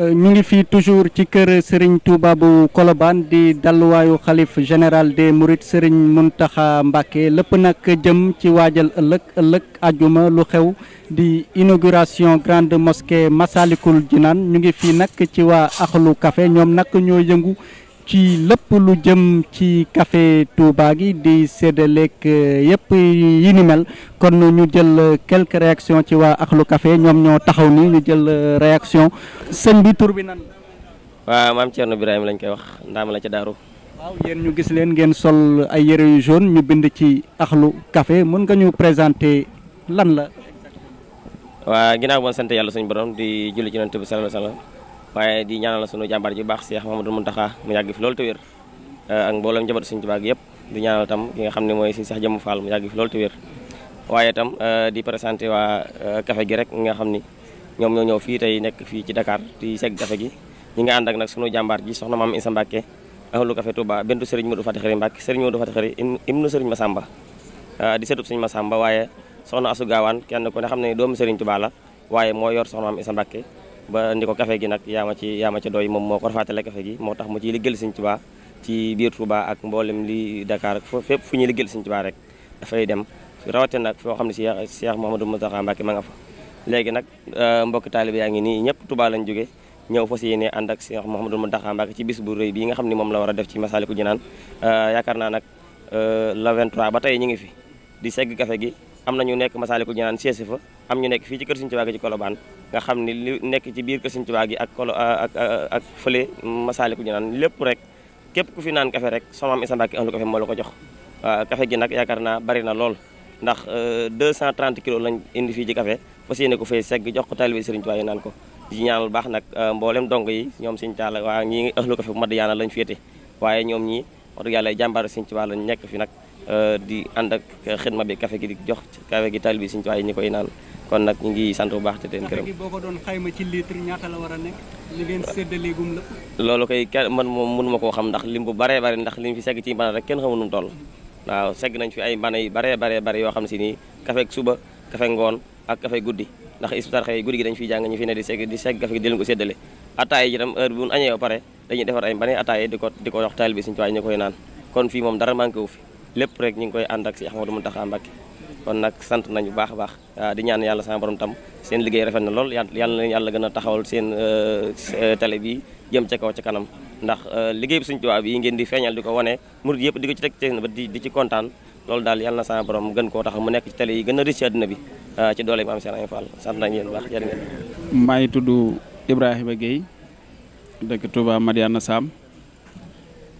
Euh, ñu ngi fii toujours ci kër Serigne Touba bu Colobane di dalluwaayu xalif général des Mourides Serigne tax Mbacké lépp nag jëm ci waajal ëllëg ëllëg ajuma lu xew di inauguration grande mosquée Massalikul Jinaan ñu ngi fii nag ci waa Axlu Café ñoom nag ñoo yëngu ci lépp lu jëm ci kafe Touba gi di séddaleeg euh, yëpp yi ni mel kon ñu jël quelques réactions ci waa Akhlu kafe ñoom ñoo taxaw ni ñu jël euh, réaction sëñ bi tur bi nan waaw maam Thierno Birahim lañ koy wax ndaam la ci daaru waaw yéen ñu gis leen ngeen sol ay yére yu jaune ñu bind ci Akhlu kafe mën nga ñu présenter lan la waa ginnaaw bon sant yàlla suñu borom di julli ci Yonent bi sallallahu alayhi waaye di ñaanal sunu jàmbaar ji baax seex Cheikh Mouhamadou Mountakha mu yàgg fi loolu te wér eh, ak mboolem njaboot Sëriñ Tuubaa yëpp di ñaanal tam ki nga xam ne mooy si sax Jëmm Fall mu yàgg fi loolu te wér waaye itam eh, di présenté waa kafe eh, gi rek nga xam ni ñoom ñoo ñëw fii tey nekk fii ci Dakar di segg café gi ñi nga ànd ak nag sunu jàmbaar ji soxna maam Issa Mbacke ahlu café Touba bentu Serigne Modou Fatickari Mbacke Serigne Modou Fatickari ibnu Serigne Massamba di setub ma Massamba waaye soxna Asu Gaawaan kenn ku ne xam ne doomu Serigne Touba la waaye moo yor soxna maam Issa ba indi ko café gi nag yaa ma ci yaa ma ci doy moom moo ko rafaatale kafe gi moo tax mu ciy liggéeyal Sëñ Tuubaa ci biir Touba ak mboolem li Dakar ak fépp fu ñuy liggéeyal Sëñ Tuubaa rek dafay dem rawatina nag foo xam ne si Cheikh Mouhamadou Moustapha Mbacké ma nga fa léegi nag euh, mbokki taalibe yaa ngi nii ñëpp Touba lañ jóge ñëw si yéene ànd ak Cheikh Mouhamadou Moustapha Mbacké ci bis bu rëy bii nga xam ne moom la war a def ci Masaalikul Jinaan euh, yaakaar naa nag euh, le 23 ba tey ñu ngi fi di segg café gi am na ñu nekk Masaalikul Jinaan seesi fa am ñu nekk fii ci kër Sëriñ Tuubaa gi ci Colobane nga xam ni li nekk ci biir kër Sëriñ Tuubaa gi ak kolo ak ak fële Jinaan lépp rek képp ku fi naan kafe rek sama am Issa Mbacke ahlu kafe moo la ko jox waaw kafe gi nag yaakaar naa bari na lool ndax 230 euh, kilos lañ indi fii ci kafe fas yéene ko fay segg jox ko taalibe Sëriñ Tuubaa yi naan ko di ñaanal baax nag euh, mboolem dong yi ñoom Sëriñ Taala waa ñii ahlu kafe bu Madiyaana lañ féete waaye ñoom ñii wax dëgg yàlla jàmbaar Sëriñ Tuubaa lañ nekk fi nag Euh, di ànd ak xidma bi kafe gi di jox café gi taalibe Sëriñ Tuubaa yi ñi koy naan kon nag ñu ngi sant bu baax te teen kërëm boo ko doon xayma ci litre ñaata la a loolu koy kenn moom mënu koo xam ndax lim bu baree bari ndax lim fi segg ci bana rek kenn xamul nu mu toll waaw segg nañ fi ay bana baree bari yoo xam si nii café suba café ngoon ak café guddi ndax ispitar xëy guddi gi dañu fiy jàng ñu fi ne di segg di segg café ba pare dañuy defar ay bane ataay ko di kon fii moom dara manqué wu fi lépp rek ñu ngi koy ànd ak si Ahmadou Mountakha Mbacké kon nag sant nañ nañu baax a baax di ñaan yàlla sama borom tam seen liggéey rafet na lool yàlla na yàlla gën a taxawal seen euh, télé bi jëm ca kaw ca kanam ndax euh, liggéey bi Sëriñ Tuubaa bi ngeen di feeñal di ko wane murid yëpp di ko ci teg seen ba di ci kontaan loolu daal yàlla na sama borom gën koo taxaw mu nekk ci télé yi gën a riche àddina bi ci doole bi am seen ay fall sant nañu yéen baax jërë ngeen maa ngi tudd Ibrahima Guèye dëkk Touba Madiana Sam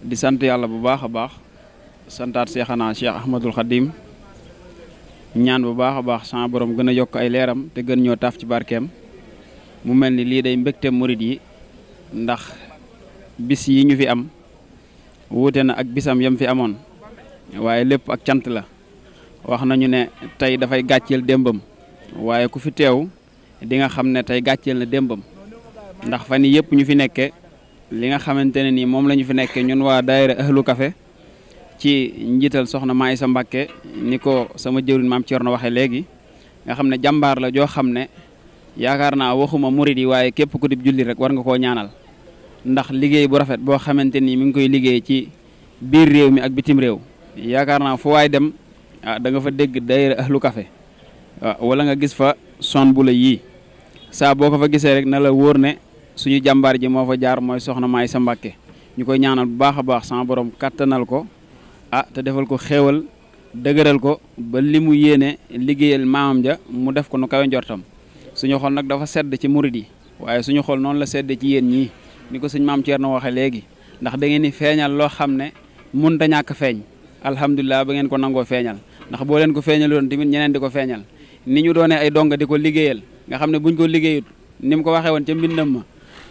di sant yàlla bu baax a baax santaat seexanaa Cheikh Ahmadul Xadim ñaan bu baax a baax sama borom gën a yokk ay leeram te gën ñoo taaf ci barkeem mu mel ni lii day mbégte murit yi ndax bis yi ñu fi am wuute na ak bisam yam fi amoon waaye lépp ak cant la wax nañu ne tey dafay gàcceel démbam waaye ku fi teew di nga xam ne tey gàcceel na démbam ndax fan yii yëpp ñu fi nekke li nga xamante ne nii moom la ñu fi nekke ñun waa daayira ahlu kafe ci njiital soxna sa Mbacké ni ko sama jëwriñ maam na waxee léegi nga xam ne jàmbaar la joo xam ne yaakaar naa waxuma murid yi waaye képp ku dib julli rek war nga koo ñaanal ndax liggéey bu rafet boo xamante ni mi ngi koy liggéey ci biir réew mi ak bitim réew yaakaar naa fu waaye dem ah da nga fa dégg daayira ahlu café ah, wala nga gis fa son bu la yii saa boo ko fa gisee rek na la wóor ne suñu jàmbaar ji moo fa jaar mooy soxna Maïssa Mbacké ñu koy ñaanal bu baax a baax sama borom kattanal ko ah te defal ko xéewal dëgëral ko ba li mu yéene liggéeyal maamam ja mu def ko nu kawe njortam suñu xol nag dafa sedd ci murid yi waaye suñu xol noonu la sedd ci yéen ñii ni ko suñ maam Thierno waxee léegi ndax da ngeen di feeñal loo xam ne mun a ñàkk feeñ alhamdulilah ba ngeen ko nangoo feeñal ndax boo leen ko feeñaloon tamit ñeneen di ko feeñal ni ñu doone ay donga di ko liggéeyal nga xam ne buñ ko liggéeyut ni mu ko waxee woon ca mbindam ma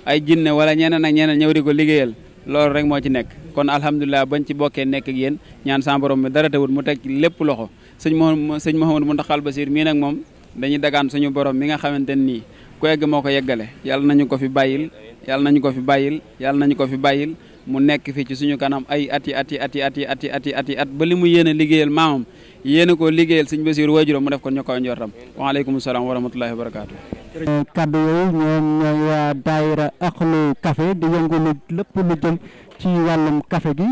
ay jinne wala ñeneen ak ñeneen ñëw di ko liggéeyal loolu rek moo ci nekk kon alhamdulilah bañ ci bokkee nekk ak yéen ñaan sa borom mi dara tawut mu teg lépp loxo sëñ Mouhamadou sëñ Mouhamadou Mountakhal Bachir mii nag moom dañuy dagaan suñu borom mi nga xamante nii ku egg moo ko yeggale yàlla nañu ko fi bàyyil yàlla nañu ko fi bàyyil yàlla nañu ko fi bàyyil mu nekk fi ci suñu kanam ay ati ati ati ati ati at yi at ba li mu yéen a liggéeyal maamam yéen a koo liggéeyal sëñ Basiir waajuram mu def ko ñu koy njortam waaleykum salaam wa rahmatullahi wa barakaatu kàddu yooyu ñoom ñooy waa daayira Akhlu Café di yëngu lu lépp lu jëm ci wàllum café gi